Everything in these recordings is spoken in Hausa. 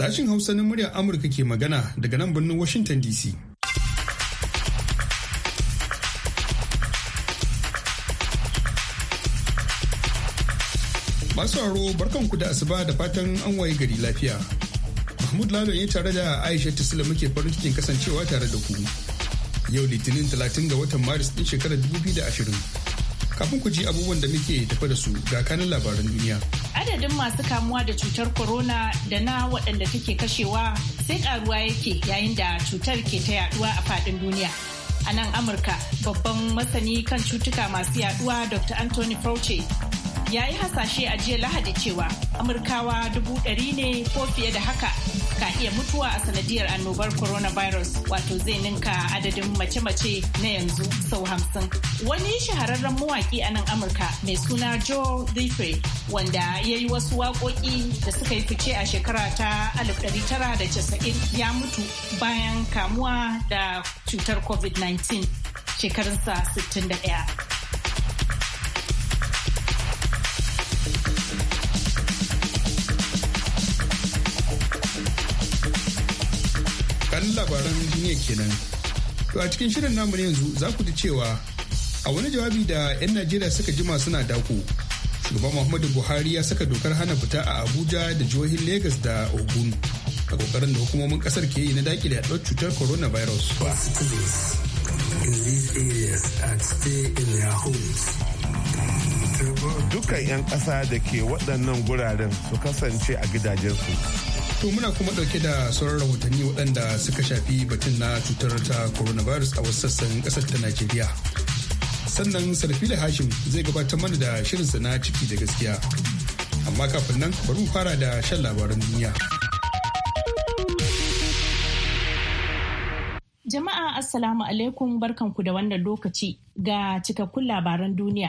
Sashin Hausa na murya Amurka ke magana daga nan birnin Washington DC. Masu barkan barkanku da asuba da fatan an waye gari lafiya. Mahmud Lalo ne tare da Aisha ta Tisila muke farin cikin kasancewa tare da ku. Yau Litinin 30 ga watan Maris ɗin shekarar 2020. Kafin ku ji abubuwan da muke tafi da su ga kanin labaran duniya. Adadin masu kamuwa da cutar corona da na waɗanda take kashewa sai ƙaruwa yake yayin da cutar ke ta yaduwa a faɗin duniya. A nan Amurka babban masani kan cutuka masu yaɗuwa Dr. Anthony Fauci ya yi hasashe a jiya lahadi cewa amurkawa dubu ɗari ne ko fiye da haka ka iya mutuwa a sanadiyar annobar coronavirus wato zai ninka adadin mace-mace na yanzu sau hamsin wani shahararren mawaki a nan amurka mai suna joe Diffie wanda ya yi wasu waƙoƙi da suka yi fice a shekara ta alif tara da casa'in ya mutu bayan kamuwa da cutar covid-19 shekarunsa 61 labaran duniya kenan. To a cikin shirin namu ne yanzu za ku ji cewa a wani jawabi da 'yan Najeriya suka jima suna dako. Shugaban Muhammadu Buhari ya saka dokar hana fita a Abuja da jihohin lagos da Ogun. A kokarin da hukumomin kasar ke yi na da yaɗuwar cutar coronavirus. Dukkan 'yan ƙasa da ke waɗannan guraren su kasance a gidajensu. To muna kuma dauke da sauran rahotanni waɗanda suka shafi batun na cutar ta coronavirus a wasu sassan ƙasar ta Najeriya. Sannan Sarfila Hashim zai gabatar mana da shirinsa na ciki da gaskiya. Amma kafin nan bari mu fara da shan labaran duniya. Jama'a Assalamu alaikum barkanku da wannan lokaci ga cikakkun labaran duniya.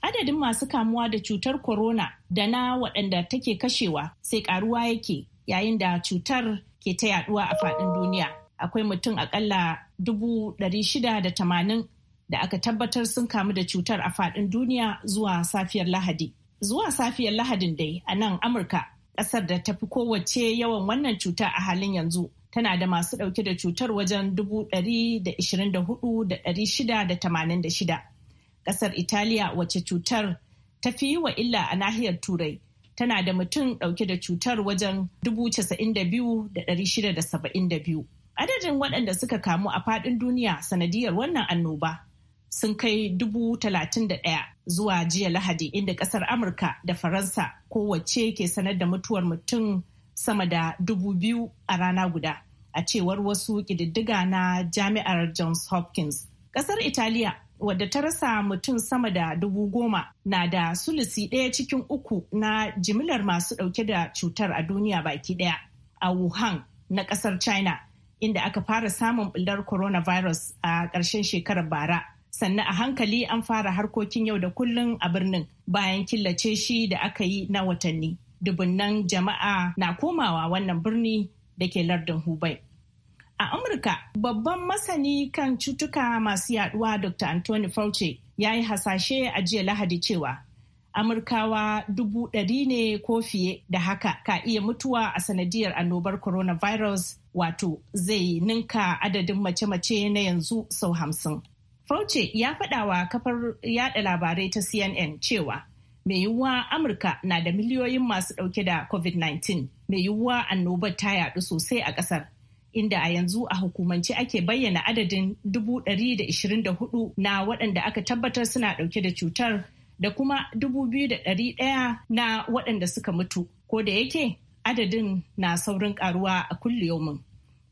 Adadin masu kamuwa da cutar corona da na waɗanda take kashewa sai ƙaruwa yake yayin da cutar ke ta yaduwa a faɗin duniya akwai mutum akalla dubu ɗari shida da tamanin da aka tabbatar sun kamu da cutar a faɗin duniya zuwa safiyar lahadi zuwa safiyar lahadin dai a nan amurka ƙasar da tafi kowace yawan wannan cuta a halin yanzu tana da masu ɗauke da cutar wajen dubu ɗari da ishirin da hudu da ɗari shida da tamanin da shida ƙasar italiya wace cutar ta fi yi wa illa a nahiyar turai tana da mutum ɗauke da cutar wajen 92,672. Adadin waɗanda suka kamu a faɗin duniya sanadiyar wannan annoba sun kai 31,000 zuwa jiya Lahadi inda ƙasar Amurka da Faransa kowace ke sanar da mutuwar mutum sama da 2,000 a rana guda. A cewar wasu ƙididdiga na Jami'ar Johns Hopkins. Ƙasar Italiya wadda ta rasa mutum sama da dubu goma na da sulisi ɗaya cikin uku na jimilar masu ɗauke da cutar a duniya baki ɗaya a Wuhan na ƙasar China inda aka fara samun ɓullar coronavirus a ƙarshen shekarar bara. Sannan a hankali an fara harkokin yau da kullun a birnin bayan killace shi da aka yi na watanni. Dubunnan jama'a na komawa wannan birni da ke lardin Hubai. A Amurka, babban masani kan cutuka masu yaduwa Dr. Anthony Fauci ya yi hasashe a jiya Lahadi cewa Amurkawa dubu ɗari ne ko fiye da haka ka iya mutuwa a sanadiyar annobar coronavirus wato zai ninka adadin mace-mace na yanzu sau hamsin. Fauci ya faɗawa kafar yada labarai ta CNN cewa mai yiwuwa Amurka na da miliyoyin masu ɗauke da COVID-19 mai yiwuwa annobar ta yaɗu sosai a ƙasar. inda a yanzu a hukumance ake bayyana adadin 124 na waɗanda aka tabbatar suna ɗauke da cutar da kuma 2,100 na waɗanda suka mutu ko da yake adadin na saurin ƙaruwa a kulliyomin.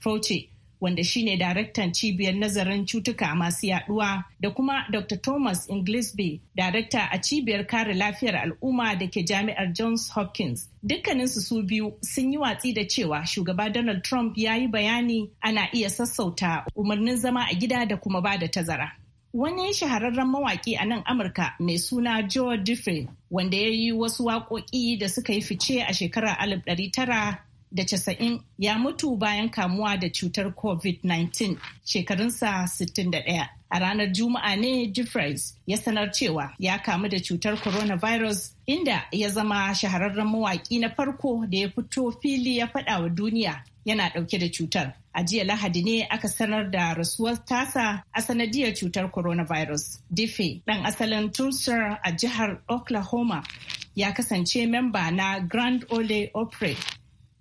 Fauci wanda shine daraktan cibiyar nazarin cutuka masu yaduwa da kuma Dr. Thomas Inglisby, darakta a cibiyar kare lafiyar al'umma da ke jami'ar Johns Hopkins. Dukkaninsu su biyu sun yi watsi da cewa shugaba Donald Trump ya yi bayani ana iya sassauta umarnin zama a gida da kuma ba da tazara. Wani shahararren mawaƙi a nan Amurka mai suna Joe Diffie wanda ya yi wasu waƙoƙi da suka yi fice a shekarar tara. da casa'in ya mutu bayan kamuwa da cutar covid-19 shekarunsa 61 a ranar juma'a ne jeffries ya sanar cewa ya kamu da cutar coronavirus inda ya zama shahararren mawaƙi na farko da ya fito fili ya faɗa wa duniya yana ɗauke da cutar a jiya lahadi ne aka sanar da rasuwar tasa a sanadiyar cutar coronavirus dife ɗan asalin tulsar a jihar oklahoma ya kasance memba na grand ole opry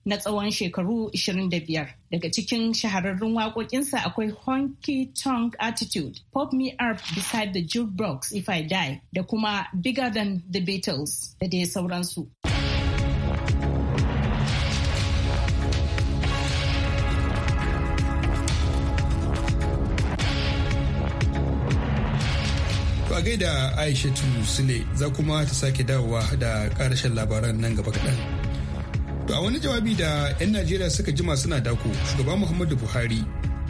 na tsawon shekaru 25. Daga cikin shahararrun waƙoƙinsa akwai Honky Tonk Attitude, Pop Me Up Beside the Jukebox If I Die, da kuma Bigger Than the Beatles, da dai sauransu. a gaida aishatu sule za kuma ta sake dawowa da karshen labaran nan gaba kaɗan. To a wani jawabi da 'yan Najeriya suka jima suna dako, shugaba Muhammadu Buhari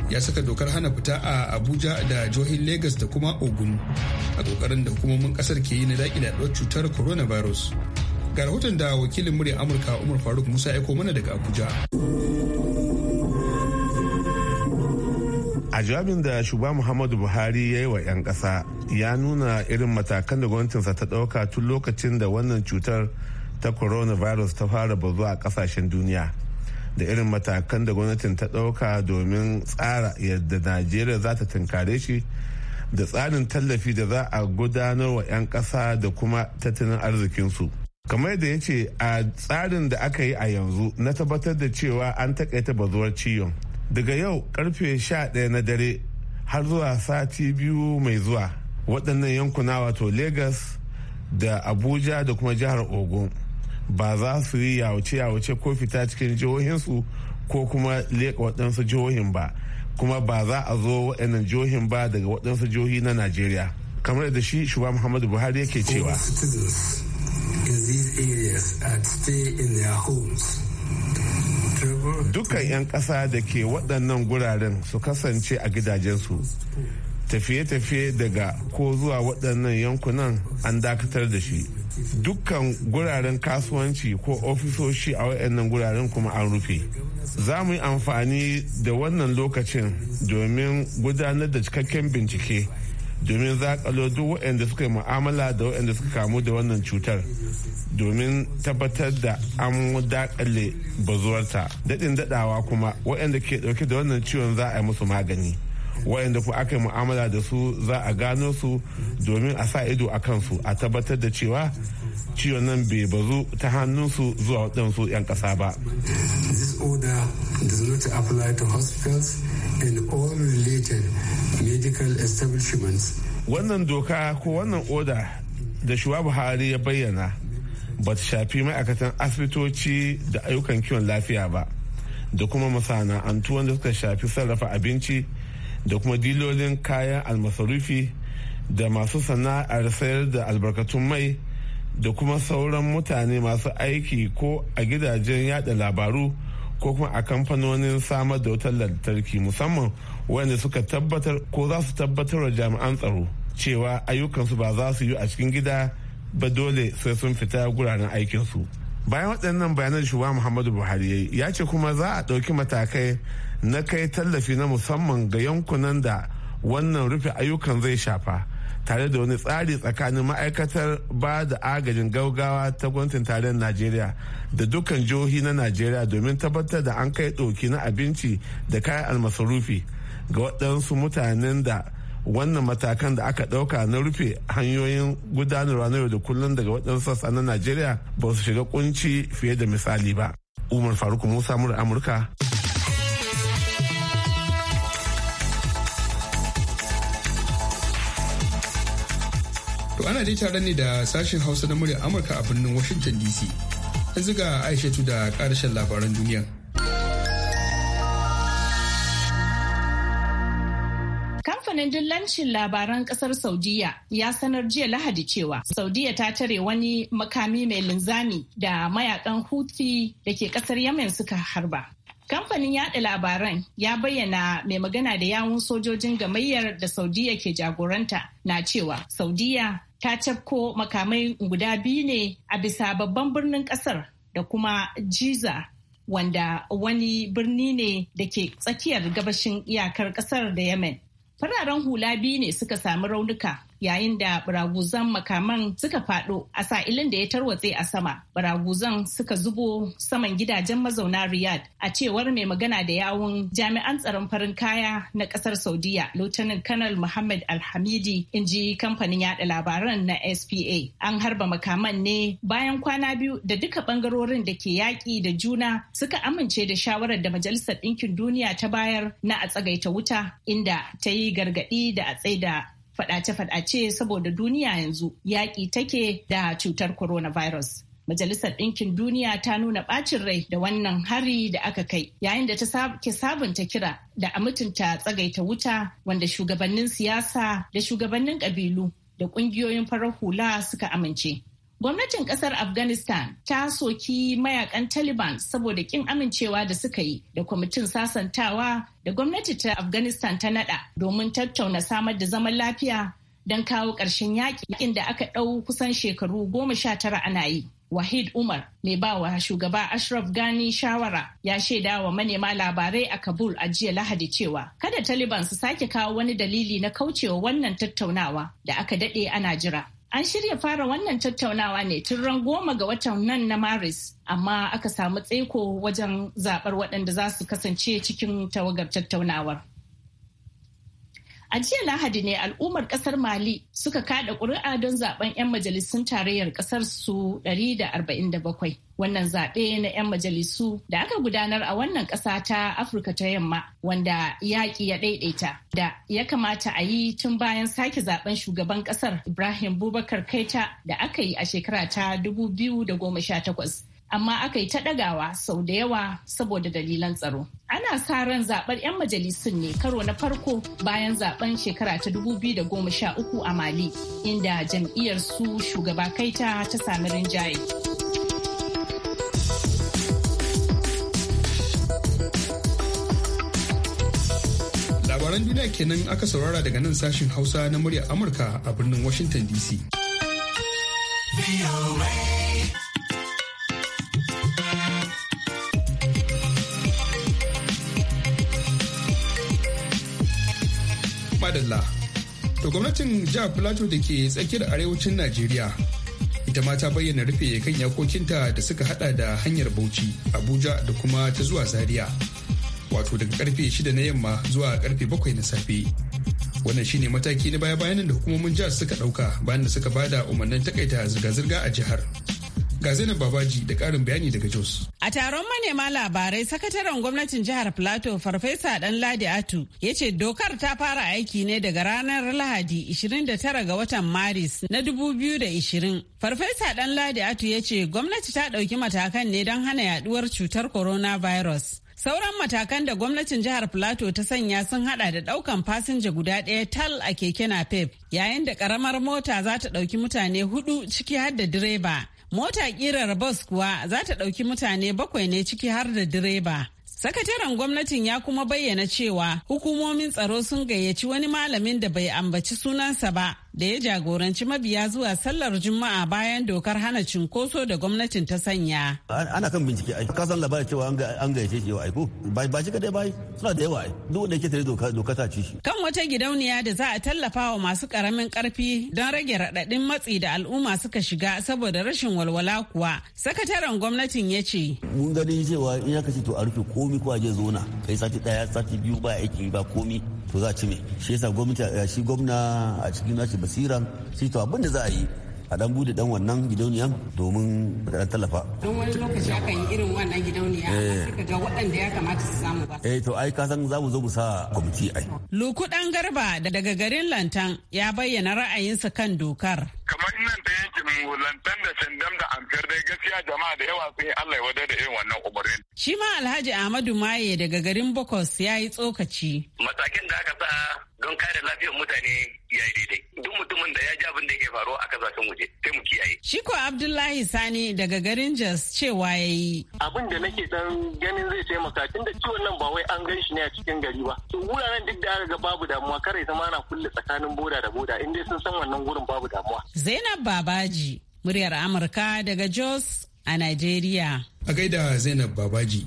ya saka dokar hana fita a Abuja da jihohin Legas da kuma Ogun a kokarin da hukumomin kasar ke yi na daƙi da cutar coronavirus. Ga rahoton da wakilin murya Amurka Umar Faruk Musa ya mana daga Abuja. a jawabin da shugaba muhammadu buhari ya yi wa 'yan ƙasa ya nuna irin matakan da gwamnatinsa ta ɗauka tun lokacin da wannan cutar ta coronavirus ta fara bazuwa a kasashen duniya da irin matakan da gwamnatin ta ɗauka domin tsara yadda najeriya za ta tunkare shi da tsarin tallafi da za a gudanar wa 'yan ƙasa da kuma tattalin arzikinsu kamar da ya ce a tsarin da aka yi a yanzu na tabbatar da cewa an takaita bazuwar ciyon daga yau karfe 11 na dare har zuwa sati biyu mai zuwa waɗannan yankuna wato legas da abuja da kuma jihar ogun ba za su yi yawace-yawace ko fita cikin jihohinsu ko kuma leƙa waɗansu jihohin ba kuma ba za a zo waɗannan jihohin ba daga waɗansu jihohi na najeriya kamar da shi shugaba muhammadu buhari yake cewa dukkan 'yan ƙasa da ke waɗannan guraren su kasance a gidajensu tafiye-tafiye daga ko zuwa waɗannan yankunan an dakatar da shi dukkan guraren kasuwanci ko ofisoshi a waɗannan guraren kuma an rufe za mu yi amfani da wannan lokacin domin gudanar da cikakken bincike domin zakalo duk waɗanda suka yi mu'amala da waɗanda suka kamu da wannan cutar domin tabbatar da an dakale bazuwarta daɗin daɗawa kuma waɗanda ke ɗauke da wannan ciwon za a yi musu magani wayanda ku aka yi mu'amala da su za a gano su domin a sa ido a kansu a tabbatar da cewa ciwon nan bai bazu ta hannunsu zuwa waɗansu 'yan ƙasa ba. This order does not apply to hospitals and all related medical establishments. Wannan doka ko wannan oda da shuwa Buhari ya bayyana ba ta shafi ma'aikatan asibitoci da ayyukan kiwon lafiya ba da kuma masana'antu wanda suka shafi sarrafa abinci da kuma dilolin kayan almasarufi da masu sana'ar sayar da albarkatun mai da kuma sauran mutane masu aiki ko a gidajen yada labaru ko kuma a kamfanonin samar da wutar lantarki musamman wanda suka tabbatar ko za su tabbatar wa jami'an tsaro cewa ayyukansu ba za su yi a cikin gida ba dole sai sun fita guraren aikinsu bayan waɗannan bayanan shugaba muhammadu buhari ya ce kuma za a ɗauki matakai na kai tallafi na musamman ga yankunan da wannan rufe ayyukan zai shafa tare da wani tsari tsakanin ma'aikatar ba da agajin gaugawa ta gwamnatin tarayyar najeriya da dukkan jihohi na najeriya domin tabbatar da an kai ɗauki na abinci da kayan almasarufi ga waɗansu mutanen da wannan matakan da aka ɗauka na rufe hanyoyin gudanarwa na yau da kullum daga waɗansu sassa na najeriya ba su shiga kunci fiye da misali ba umar faruk musa mura amurka To ana dai tare ne da sashen Hausa na muryar Amurka a birnin Washington DC. Yanzu ga Aishatu da karshen labaran duniya. Kamfanin dillancin labaran ƙasar Saudiya ya sanar jiya Lahadi cewa Saudiya ta tare wani makami mai linzami da mayakan Houthi da ke ƙasar Yemen suka harba. Kamfanin yaɗa labaran ya bayyana mai magana da yawun sojojin gamayyar da Saudiya ke jagoranta na cewa Saudiya ta cafko makamai guda biyu ne a bisa babban birnin kasar da kuma Jiza wanda wani birni ne da ke tsakiyar gabashin iyakar kasar da Yemen. Fararen hula biyu ne suka sami raunuka yayin da baraguzan makaman suka fado a sa'ilin da ya tarwatse a sama baraguzan suka zubo saman gidajen mazauna riyadh a cewar mai magana da yawun jami'an tsaron farin kaya na kasar saudiya lieutenant colonel muhammad alhamidi in ji kamfanin yada labaran na spa an harba makaman ne bayan kwana biyu da duka bangarorin da ke yaƙi da juna suka amince da shawarar da majalisar ɗinkin duniya ta bayar na a tsagaita wuta inda ta yi gargaɗi da a tsaida faɗace-faɗace saboda duniya yanzu yaƙi take da cutar coronavirus. Majalisar Ɗinkin Duniya ta nuna ɓacin rai da wannan hari da aka kai yayin da ta ke sabunta kira da a mutunta tsagaita wuta wanda shugabannin siyasa da shugabannin ƙabilu da ƙungiyoyin farar hula suka amince. Gwamnatin kasar Afghanistan ta soki mayakan Taliban saboda kin amincewa da suka yi da kwamitin sasantawa da gwamnati ta Afghanistan ta nada domin tattauna samar da zaman lafiya don kawo ƙarshen yakin da aka ɗau kusan shekaru goma sha tara ana yi. Wahid Umar mai ba wa shugaba Ashraf Gani shawara ya shaida wa manema labarai a Kabul a jiya Lahadi cewa kada Taliban su sake kawo wani dalili na kaucewa wannan tattaunawa da aka daɗe ana jira. An shirya fara wannan tattaunawa ne tun ran goma ga watan nan na Maris, amma aka samu tsaiko wajen zaɓar waɗanda za su kasance cikin tawagar tattaunawar. A jiya Lahadi ne al'ummar kasar Mali suka kada ƙuri'a don zaben 'yan majalisun tarayyar kasar su 147. Wannan zaɓe na 'yan majalisu da aka gudanar a wannan ƙasa ta Afirka ta yamma wanda yaƙi ya ɗaiɗaita da ya kamata a yi tun bayan sake zaben shugaban ƙasar Ibrahim Bubakar Kaita da aka yi a shekara ta 2018. amma aka yi ta dagawa sau da yawa saboda dalilan tsaro. Ana sa ran zaɓar 'yan majalisun ne karo na farko bayan zaɓen shekara ta 2013 a Mali, inda jam'iyyar su shugaba kai ta ta sami rinjaye. Labaran duniya kenan aka saurara daga nan sashen Hausa na muryar Amurka a birnin Washington DC. adalla. to gwamnatin jihar plateau da ke tsakiyar arewacin najeriya ita ma ta bayyana rufe kan yakokinta da suka hada da hanyar bauchi abuja da kuma ta zuwa zaria wato daga karfe shida na yamma zuwa karfe 7 na safe wannan shine mataki na baya bayanan da hukumomin jihar suka dauka bayan da suka bada umarnin takaita zirga-zirga a jihar Ga Zainab Babaji da ƙarin bayani daga Jos. A taron manema labarai sakataren gwamnatin jihar Plateau Farfesa dan ladi Atu ya ce dokar ta fara aiki ne daga ranar Lahadi 29 ga watan Maris na 2020. Farfesa dan ladi Atu ya ce gwamnati ta ɗauki matakan ne don hana yaduwar cutar coronavirus. Sauran matakan da gwamnatin jihar Plateau ta sanya sun hada da daukan fasinja guda ɗaya tal a keke napep yayin da karamar mota za ta ɗauki mutane hudu ciki har da direba. Mota kirar bus kuwa za ta ɗauki mutane bakwai ne ciki har da direba. Sakataren gwamnatin ya kuma bayyana cewa hukumomin tsaro sun gayyaci wani malamin da bai ambaci sunansa ba da ya jagoranci mabiya zuwa sallar juma'a bayan dokar hana cinkoso da gwamnatin ta sanya. ana kan bincike ai ka san labarin cewa an gayyace shi yau aiko ba shi kadai bai suna da yawa ai duk wanda yake tare doka doka ta ci shi. kan wata gidauniya da za a tallafa wa masu karamin karfi don rage raɗaɗin matsi da al'umma suka shiga saboda rashin walwala kuwa sakataren gwamnatin ya ce. mun gani cewa in ya kashe to a rufe komi ko a je zona kai sati daya sati biyu ba aiki ba komi to za a ci me shi yasa gwamnati shi gwamna a cikin nashi basiran sai to abin da za a yi a dan bude dan wannan gidauniyan domin da tallafa. Don wani lokaci aka yi irin wannan gidauniya eh. amma ga waɗanda ya kamata su samu ba. Eh to ai ka san za mu zo mu sa kwamiti ai. ɗan Garba daga garin Lantan ya bayyana ra'ayinsa kan dokar. Kamar nan da yankin mu Lantan da Sandam da Amfiyar dai gaskiya jama'a da yawa sun yi Allah ya wada da irin wannan umarnin. Shi ma Alhaji Ahmadu Maye daga garin Bokos ya yi tsokaci. Matakin da aka sa don kare lafiyar mutane ya yi daidai duk mutumin da ya ji abin da yake faruwa a kasashen waje sai mu kiyaye. shi ko abdullahi sani daga garin jos cewa ya yi. abin da nake dan ganin zai taimaka tun da ciwon nan ba wai an gan shi ne a cikin gari ba to wuraren duk da aka ga babu damuwa kare zama na kulle tsakanin boda da boda in dai sun san wannan gurin babu damuwa. zainab babaji muryar amurka daga jos a nigeria. a gaida zainab babaji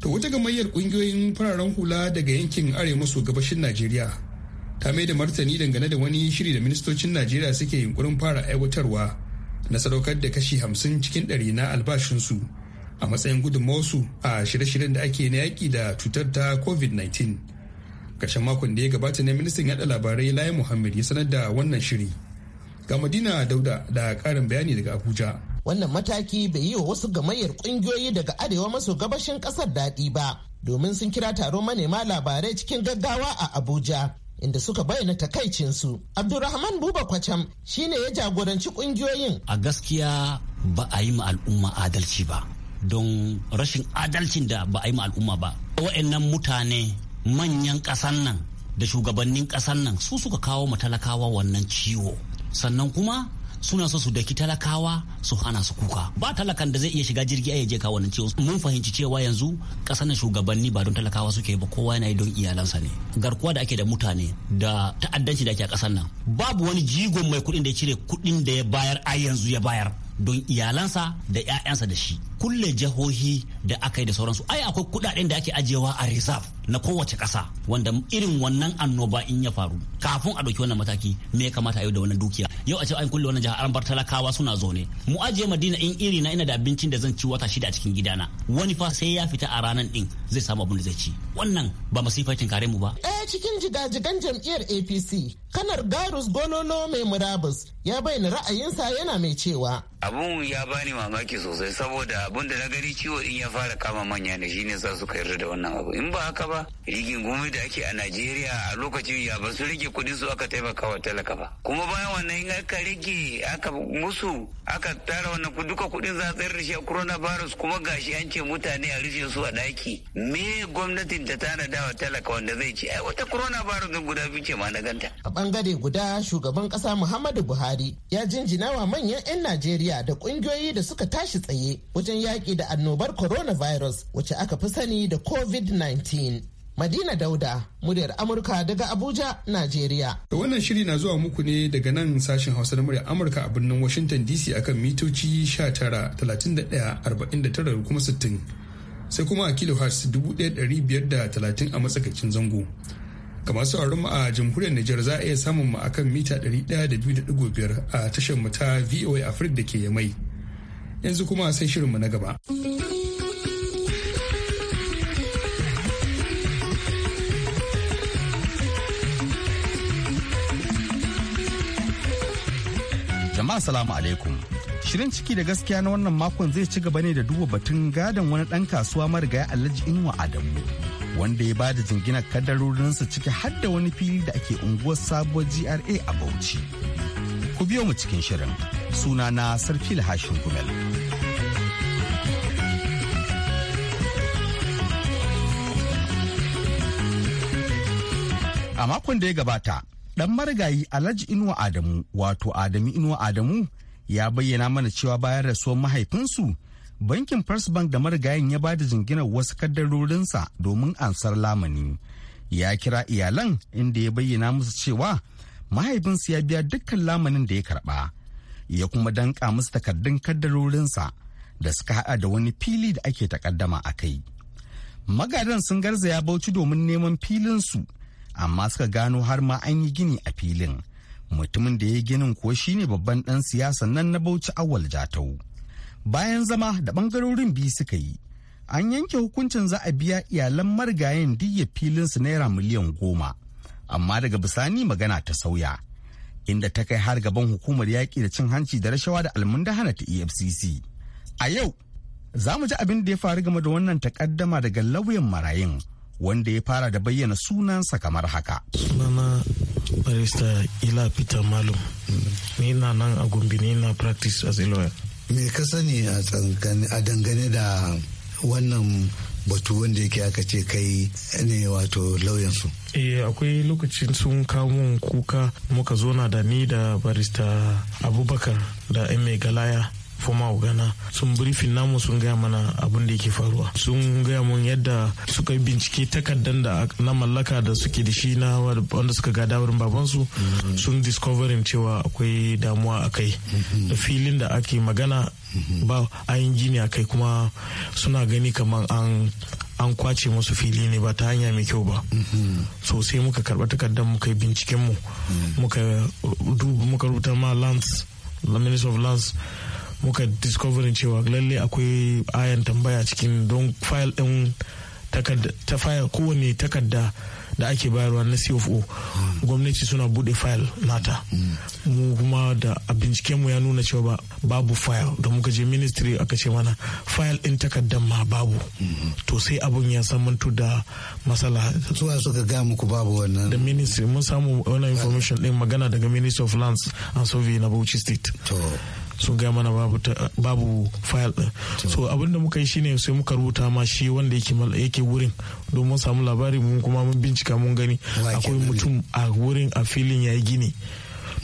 to wata gamayyar kungiyoyin fararen hula daga yankin arewa maso gabashin najeriya ta mai da martani dangane da wani shiri da ministocin najeriya suke yunkurin fara aiwatarwa na sadaukar da kashi hamsin cikin ɗari na albashinsu a matsayin gudunmawarsu a shirye-shiryen da ake na yaƙi da cutar ta covid-19 ƙarshen makon da ya gabata ne ministan yaɗa labarai Lai muhammad ya sanar da wannan shiri ga madina dauda da ƙarin bayani daga abuja wannan mataki bai yi wa wasu gamayyar kungiyoyi daga arewa maso gabashin kasar daɗi ba domin sun kira taron manema labarai cikin gaggawa a abuja inda suka bayyana takaicinsu Abdulrahman buba kwacham shine ya jagoranci kungiyoyin a gaskiya ba a yi ma al'umma adalci ba don rashin adalcin da ba a yi ma al'umma ba wa'annan mutane manyan ƙasan nan da shugabannin ƙasan nan su suka kawo matalakawa wannan ciwo sannan kuma suna so su daki talakawa su hana su kuka ba talakan da zai iya shiga jirgi ya je kawo nan ciwo mun fahimci cewa yanzu kasa na shugabanni ba don talakawa suke ba kowa yana yi don iyalansa ne garkuwa da ake da mutane da ta'addanci da ake a kasar nan babu wani jigon mai kuɗin da ya cire kuɗin da ya bayar a yanzu ya bayar don iyalansa da 'ya'yansa da shi kulle jihohi da aka yi da sauransu ai akwai kudaden da ake ajiyewa a reserve na kowace ƙasa wanda irin wannan annoba in ya faru kafin a ɗauki wannan mataki me ya kamata a yau da wannan dukiya yau a ce an kulle wannan jihar an bar talakawa suna zaune mu ajiye madina in iri na ina da abincin da zan ci wata shida a cikin gidana wani fa sai ya fita a ranar din zai samu abin da zai ci wannan ba masifacin kare mu ba eh cikin jigajigan jam'iyyar apc kanar garus gonono mai murabus ya bayyana ra'ayinsa yana mai cewa abun ya bani mamaki sosai saboda abun da na gani ciwo din ya fara kama manya ne shine sa suka yarda da wannan abu in ba haka ba rigin gumi da ake a Najeriya a lokacin ya ba su rige kudin su aka taimaka wa talaka ba kuma bayan wannan in aka rige aka musu aka tara wannan duka kudin za a tsayar da shi a coronavirus kuma gashi an ce mutane a rufe su a daki me gwamnatin ta da wa talaka wanda zai ce ai wata coronavirus din guda biyu ce ma na ganta a bangare guda shugaban kasa Muhammadu Buhari ya jinjina wa manyan 'yan Najeriya da kungiyoyi da suka tashi tsaye wajen yaƙi da annobar coronavirus wacce aka fi sani da covid-19 Madina Dauda, muryar Amurka daga Abuja, Najeriya. Wannan shiri na zuwa muku ne daga nan sashen Hausa na muryar Amurka a birnin Washington DC akan mitoci 19, kuma 60. Sai kuma a kilohertz 1530 a matsakaicin zango. kamar sauraron mu a jamhuriyar Nijar za a iya samun mu akan mita 102.5 a tashar mu ta VOA Africa da ke Yamai. Yanzu kuma sai shirin mu na gaba. Jama'a salamu alaikum. Shirin ciki da gaskiya na wannan makon zai ci gaba ne da duba batun gadon wani ɗan kasuwa marigaya Alhaji Inuwa Adamu. wanda ya bada jinginar kadarorinsa ciki har da wani fili da ake unguwar sabuwar gra a bauchi ku biyo mu cikin shirin suna na sarki Lahashin gumel a makon da ya gabata dan marigayi alhaji inuwa adamu wato adamu inuwa adamu ya bayyana mana cewa bayan rasuwar mahaifinsu bankin first bank da marigayin ya ba da jinginar wasu kaddarorinsa domin ansar lamani ya kira iyalan inda ya bayyana musu cewa mahaifinsu ya biya dukkan lamanin da ya karba ya kuma danka musu takardun kaddarorinsa da suka hada da wani fili da ake takaddama a kai magadan sun garza ya bauchi domin neman filin su amma suka gano har ma an yi gini a filin mutumin da ya ginin kuwa shine babban dan siyasa nan na bauchi awal jatau bayan zama da bangarorin biyu suka yi an yanke hukuncin za a biya iyalan marigayen filin su naira miliyan goma amma daga bisani magana ta sauya inda ta kai har gaban hukumar yaƙi da cin hanci da rashawa da almundahana ta efcc a yau za mu ji abin da ya faru game da wannan takaddama daga lauyan marayin wanda ya fara da bayyana sunansa kamar haka. Sunana barista Ila Peter Malum, ni na nan a Gombe ni na practice as a lawyer. me ka sani a dangane da wannan batu wanda yake aka ce kai ne wato lauyansu. Eh akwai lokacin sun kawo kuka muka zona da ni da barista Abubakar da mai galaya foma ugana sun briefing namu sun gaya mana abin da yake faruwa sun gaya mun yadda suka yi bincike takardan da na mallaka da suke da shi na wanda suka ga wurin babansu mm-hmm. sun discovering cewa akwai damuwa a kai da mm-hmm. filin da ake magana mm-hmm. ba an gini a kai kuma suna gani kamar an an kwace musu fili ne ba ta hanya mai kyau ba so sai muka karɓa takardar muka yi binciken mu uh, muka rubuta ma lands the minister of lands muka discovering cewa lalle akwai ayan tambaya cikin don file din ta file kowane takarda da ake bayarwa na cfo gwamnati suna bude file nata mu kuma da bincikenmu ya nuna cewa babu file da muka je ministry aka ce mana file din takardar ma babu to sai abun ya samantu da matsala suwa suka ga muku babu wannan da ministry mun samu wannan information din magana daga ministry of lands and survey na bauchi state sun gaya mana babu fayil din so abin muka yi shine sai muka rubuta ma shi wanda yake wurin domin samu labari mun kuma mun bincika mun gani akwai mutum a wurin a filin yayi gini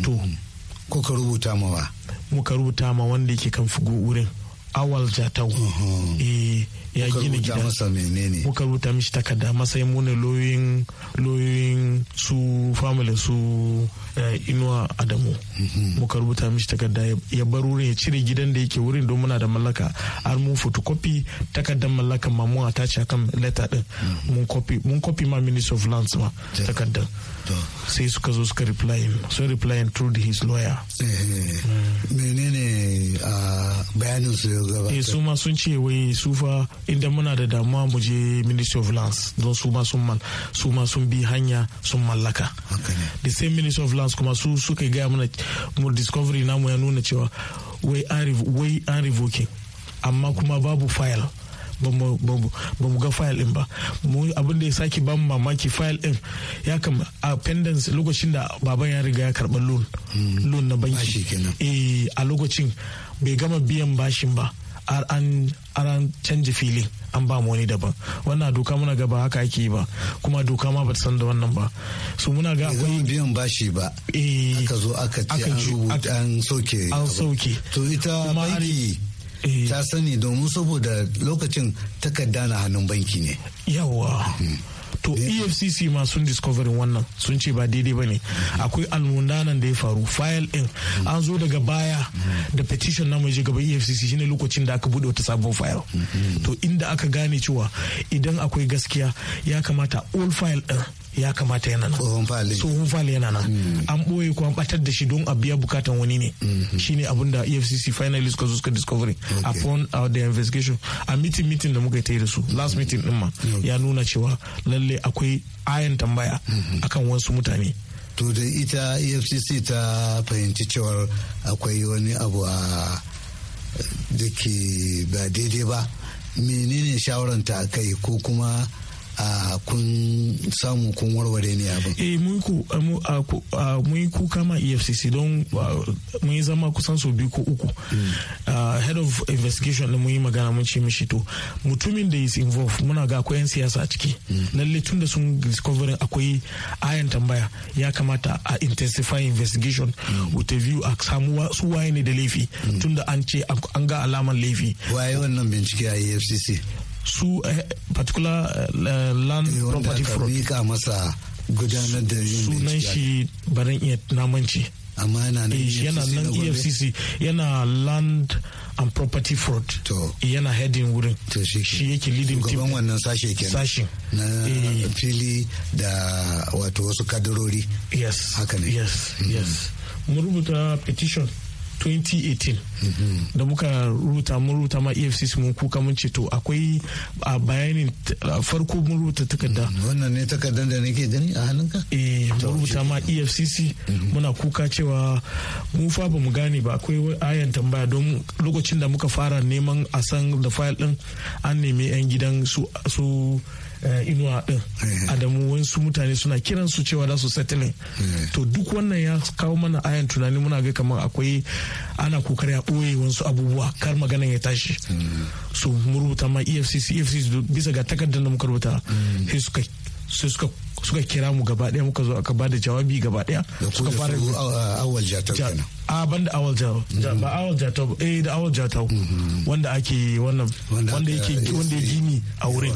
to mm-hmm. ka rubuta ma wa muka rubuta ma wanda yake kan fugo wurin awal jatau mhm. eh ya gina gida muka rubuta mishi takarda matsayin mune loyin loyoyin su family su eh, inuwa adamu mhm. muka rubuta mishi takarda ya bar wurin ya cire gidan da yake wurin don muna da mallaka har mun photocopy takardar mallaka mamuwa ta ce akan leta din mhm. mun copy ma minister of lands ma takardar sai suka zo suka reply so reply through his lawyer eh, eh. menene a ah, bayanin su gaba eh, su ma sun ce wai su fa inda muna da damuwa mu je ministry of lands don su ma sun mal su ma sun bi hanya sun mallaka the same ministry of lands kuma su suka gaya mana mu discovery namu ya nuna cewa wai an revoking amma kuma babu file ba mu ga fayil din ba mu abin da ya sake ba mu mamaki fayil din ya kama a pendants lokacin da baban ya riga ya karba loan hmm. loan na banki eh, a lokacin bai gama biyan bashin ba an an canji filin an ba mu wani daban wannan doka muna ga ba haka ake yi ba kuma doka ma ba ta san da wannan ba so muna ga akwai biyan bashi ba eh, aka zo aka ce an soke an soke to ita banki Eh. ta sani domin saboda lokacin takarda na hannun banki ne yawa hmm. to efcc eh. e ma sun discovering wannan sun ce ba daidai ba ne hmm. akwai almundanan da ya faru file in hmm. an zo daga baya da petition na je gaba efcc shine lokacin da aka bude wata sabon file to inda aka gane cewa idan akwai gaskiya ya kamata all file din ya kamata yana nan tsohon fali yana nan mm. an ɓoye ko an ɓatar da shi don a biya bukatan wani ne mm-hmm. shine abin da efcc finally suka zo suka discovery upon uh, the investigation a meeting meeting da muka yi da su last meeting din ma ya nuna cewa lalle akwai ayan tambaya mm-hmm. akan wasu mutane to da ita efcc ta fahimci cewar akwai wani abu a da ke ba daidai ba menene shawaranta a kai ko kuma a kun samu kun warware ne abin E mun ku eh, mun yi kuka ma efcc don mun yi zama kusan so biyu ko uku hmm. head of investigation da mun yi magana mun ce mishi to mutumin da is involved muna ga akwai yan siyasa a ciki hmm. lalle tun da sun discovering akwai ayan tambaya ya kamata a intensify investigation hmm. with a view a samu su waye ne da laifi tun da an ce an ga alaman laifi waye wannan bincike a efcc su eh, particular eh, eh, land property fraud ka masa gudanar da sunan shi barin iya namanci amma yana nan efcc e e yana land and property fraud to yana heading wurin to shi yake leading team gaban wannan sashe kenan sashin na fili da wato wasu kadarori yes haka ne yes mm. yes mun rubuta petition 2018 da muka ruta mun ruta ma efcc mun kuka mun ce to akwai a bayanin farko mun rubuta takarda mm, wannan ne takardar da nake gani a hannunka eh mun rubuta ma efcc e mm-hmm. muna kuka cewa mu fa ba mu gane ba akwai ayan tambaya don lokacin da muka fara neman a san da file din an nemi yan gidan su Eh, inuwa din eh. adamu wasu mutane suna kiran su cewa da su settling eh. to duk wannan ya kawo mana ayan tunani muna ga kamar akwai ana kokari a ɓoye wasu abubuwa kar maganan ya tashi hmm. so mu rubuta ma efcc efcc bisa ga takardar da muka rubuta hmm. sai suka sai suka suka kira mu gaba daya muka zo aka ba da jawabi gaba daya suka fara awal jata a ban da awal jata ba mm-hmm. awal ba eh da awal jata. Mm-hmm. wanda ake wannan wanda yake eh, eh. wanda yake gini a wurin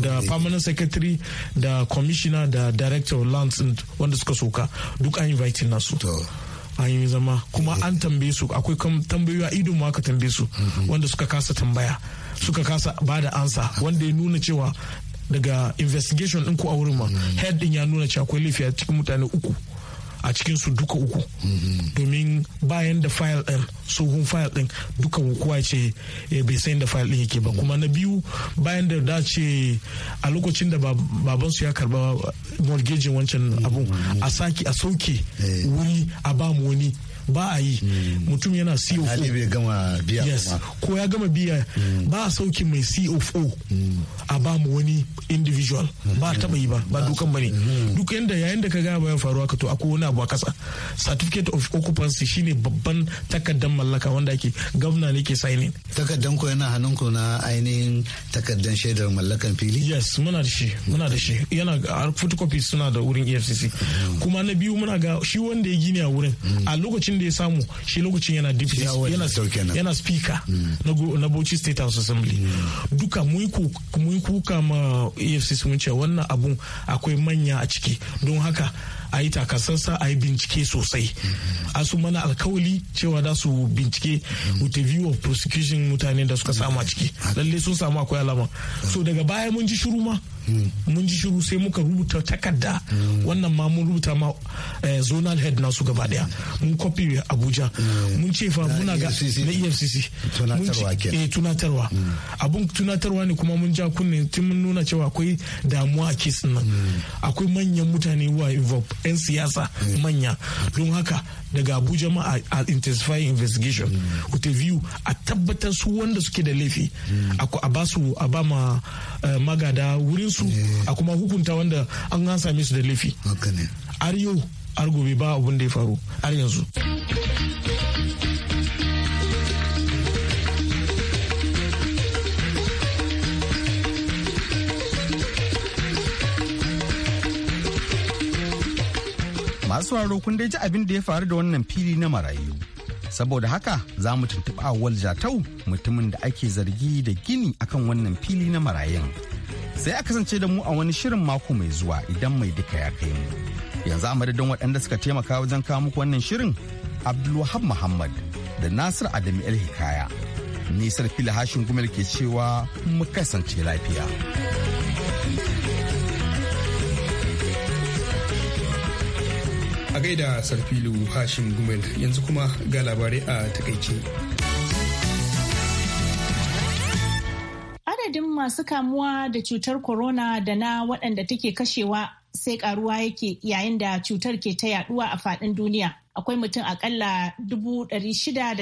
da permanent secretary da commissioner da director of lands wanda suka soka duk an invite nasu an yi zama kuma an tambaye su akwai tambayoyi a idon ma aka tambaye su mm-hmm. wanda suka kasa tambaya suka kasa ba da ansa wanda ya nuna cewa daga investigation din ko a wurin ma mm-hmm. head din ya nuna cewa akwai laifi a cikin mutane uku a cikin su duka uku mm-hmm. domin bayan da file din tsohon file din duka kowa ce eh, bai san da file din yake ba mm-hmm. kuma na biyu bayan da da ce a lokacin da baban su ya karba mortgage wancan abun a saki a sauke eh. wuri a ba mu wani ba a yi hmm. mutum yana co ko ya gama biya hmm. ba a sauki mai CO4 hmm. a ba mu wani individual ba taba yi ba ba dukan bane duk yanda yayin da ka ga bayan faruwa ka to akwai wani abu a kasa certificate of occupancy shine babban takardar mallaka wanda ake gwamna ne ke signing takardar ko yana hannun ku na ainihin takardar shaidar mallakan fili yes muna da shi muna da shi yana photocopy suna da wurin EFCC kuma na biyu muna ga shi wanda ya gini a wurin a lokacin lokacin da ya samu shi lokacin yana deputy yana speaker na Bauchi State House Assembly hmm. duka mun kuka ma EFCC mun ce wannan abun akwai manya a ciki don haka a yi takasarsa a yi bincike sosai a su mana alkawali cewa da su bincike with a view of prosecution mutane da suka samu a ciki lalle sun samu akwai alama so daga baya mun ji shuru ma mun ji shuru sai muka rubuta takarda wannan ma mun rubuta ma eh, zonal head nasu gaba daya mun copy abuja mun ce fa muna ga na efcc e tunatarwa eh, hmm. abun tunatarwa ne kuma mun ja kunne tun mun nuna cewa akwai damuwa a kisin nan hmm. akwai manyan mutane wa 'yan siyasa manya don haka daga abuja ma a intensify investigation with a view a tabbatar su wanda suke da laifi a ba su a ba ma eh, magada wurin su a kuma hukunta wanda an same su da laifi har yau har gobe ba abun da ya faru har yanzu. masu sauraro kun dai ji abin da ya faru da wannan fili na marayu saboda haka za mu tuntuɓi awal jatau mutumin da ake zargi da gini akan wannan fili na marayun sai a kasance da mu a wani shirin mako mai zuwa idan mai duka ya kai mu yanzu a madadin waɗanda suka taimaka wajen kawo muku wannan shirin abdulwahab muhammad da nasir adamu el hikaya nisar fili hashin gumel ke cewa mu kasance lafiya. A gaida Sarfilu Hashim Gumel yanzu kuma ga labarai a takaice. Adadin masu kamuwa da cutar corona da na waɗanda take kashewa sai karuwa yake yayin da cutar ke ta yaduwa a faɗin duniya. Akwai mutum akalla dubu ɗari da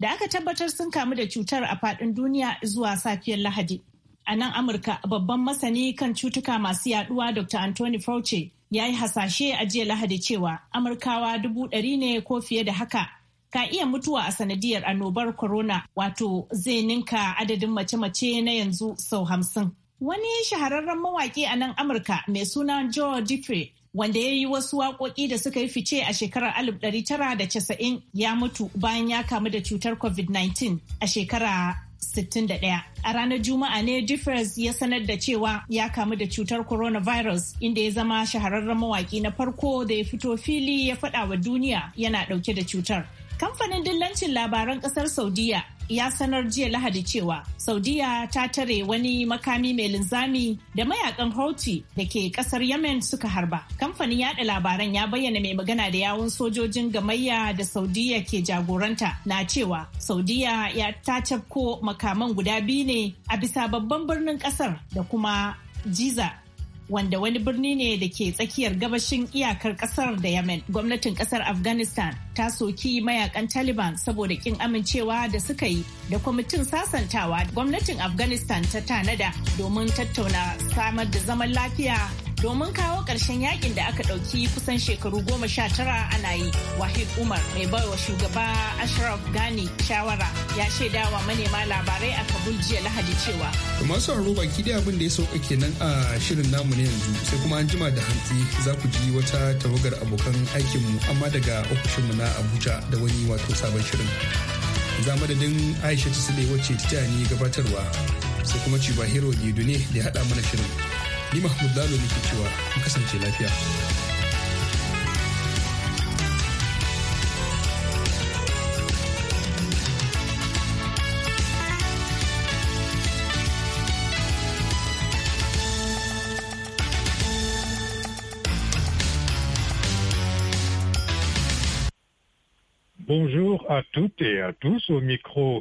da aka tabbatar sun kamu da cutar a faɗin duniya zuwa safiyar Lahadi. A nan Amurka babban masani kan cutuka masu yaduwa Dr. Anthony Fauci ya yi hasashe a jiya lahadi cewa amurkawa dubu ɗari ne ko fiye da haka ka iya mutuwa a sanadiyar annobar corona wato zai ninka adadin mace-mace na yanzu sau hamsin. Wani shahararren mawaƙi a nan Amurka mai suna Joe dupre wanda ya yi wasu waƙoƙi da suka yi fice a shekarar 1990 ya mutu bayan ya kamu da cutar COVID-19 a shekara 61 a ranar juma'a ne differs ya sanar da cewa ya kamu da cutar coronavirus inda ya zama shahararren mawaki na farko da ya fito fili ya faɗa wa duniya yana ɗauke da cutar Kamfanin dillancin labaran kasar Saudiya ya sanar jiya Lahadi cewa Saudiya ta tare wani makami mai linzami da mayakan Houthi da ke kasar Yemen suka harba. Kamfanin yada labaran ya bayyana mai magana da yawun sojojin gamayya da Saudiya ke jagoranta na cewa Saudiya ya ta cafko makaman guda biyu ne a bisa babban birnin kasar da kuma Jiza wanda wani birni ne da ke tsakiyar gabashin iyakar kasar da yamen gwamnatin kasar afghanistan ta soki mayakan taliban saboda kin amincewa da suka yi da kwamitin sasantawa gwamnatin afghanistan ta tanada domin tattauna samar da zaman lafiya domin kawo ƙarshen yakin da aka ɗauki kusan shekaru goma sha tara ana yi wahid umar mai baiwa shugaba ashraf gani shawara ya shaida wa manema labarai a kabul jiya lahadi cewa masu haro baki da abin da ya sauka kenan a shirin namu ne yanzu sai kuma an jima da hantsi za ku ji wata tawagar abokan aikin mu amma daga ofishinmu na abuja da wani wato sabon shirin za madadin aisha ta wacce ta ni gabatarwa sai kuma ciba hero ne da ya haɗa mana shirin ni mahmud lalo ne ke cewa mu kasance lafiya Bonjour à toutes et à tous. Au micro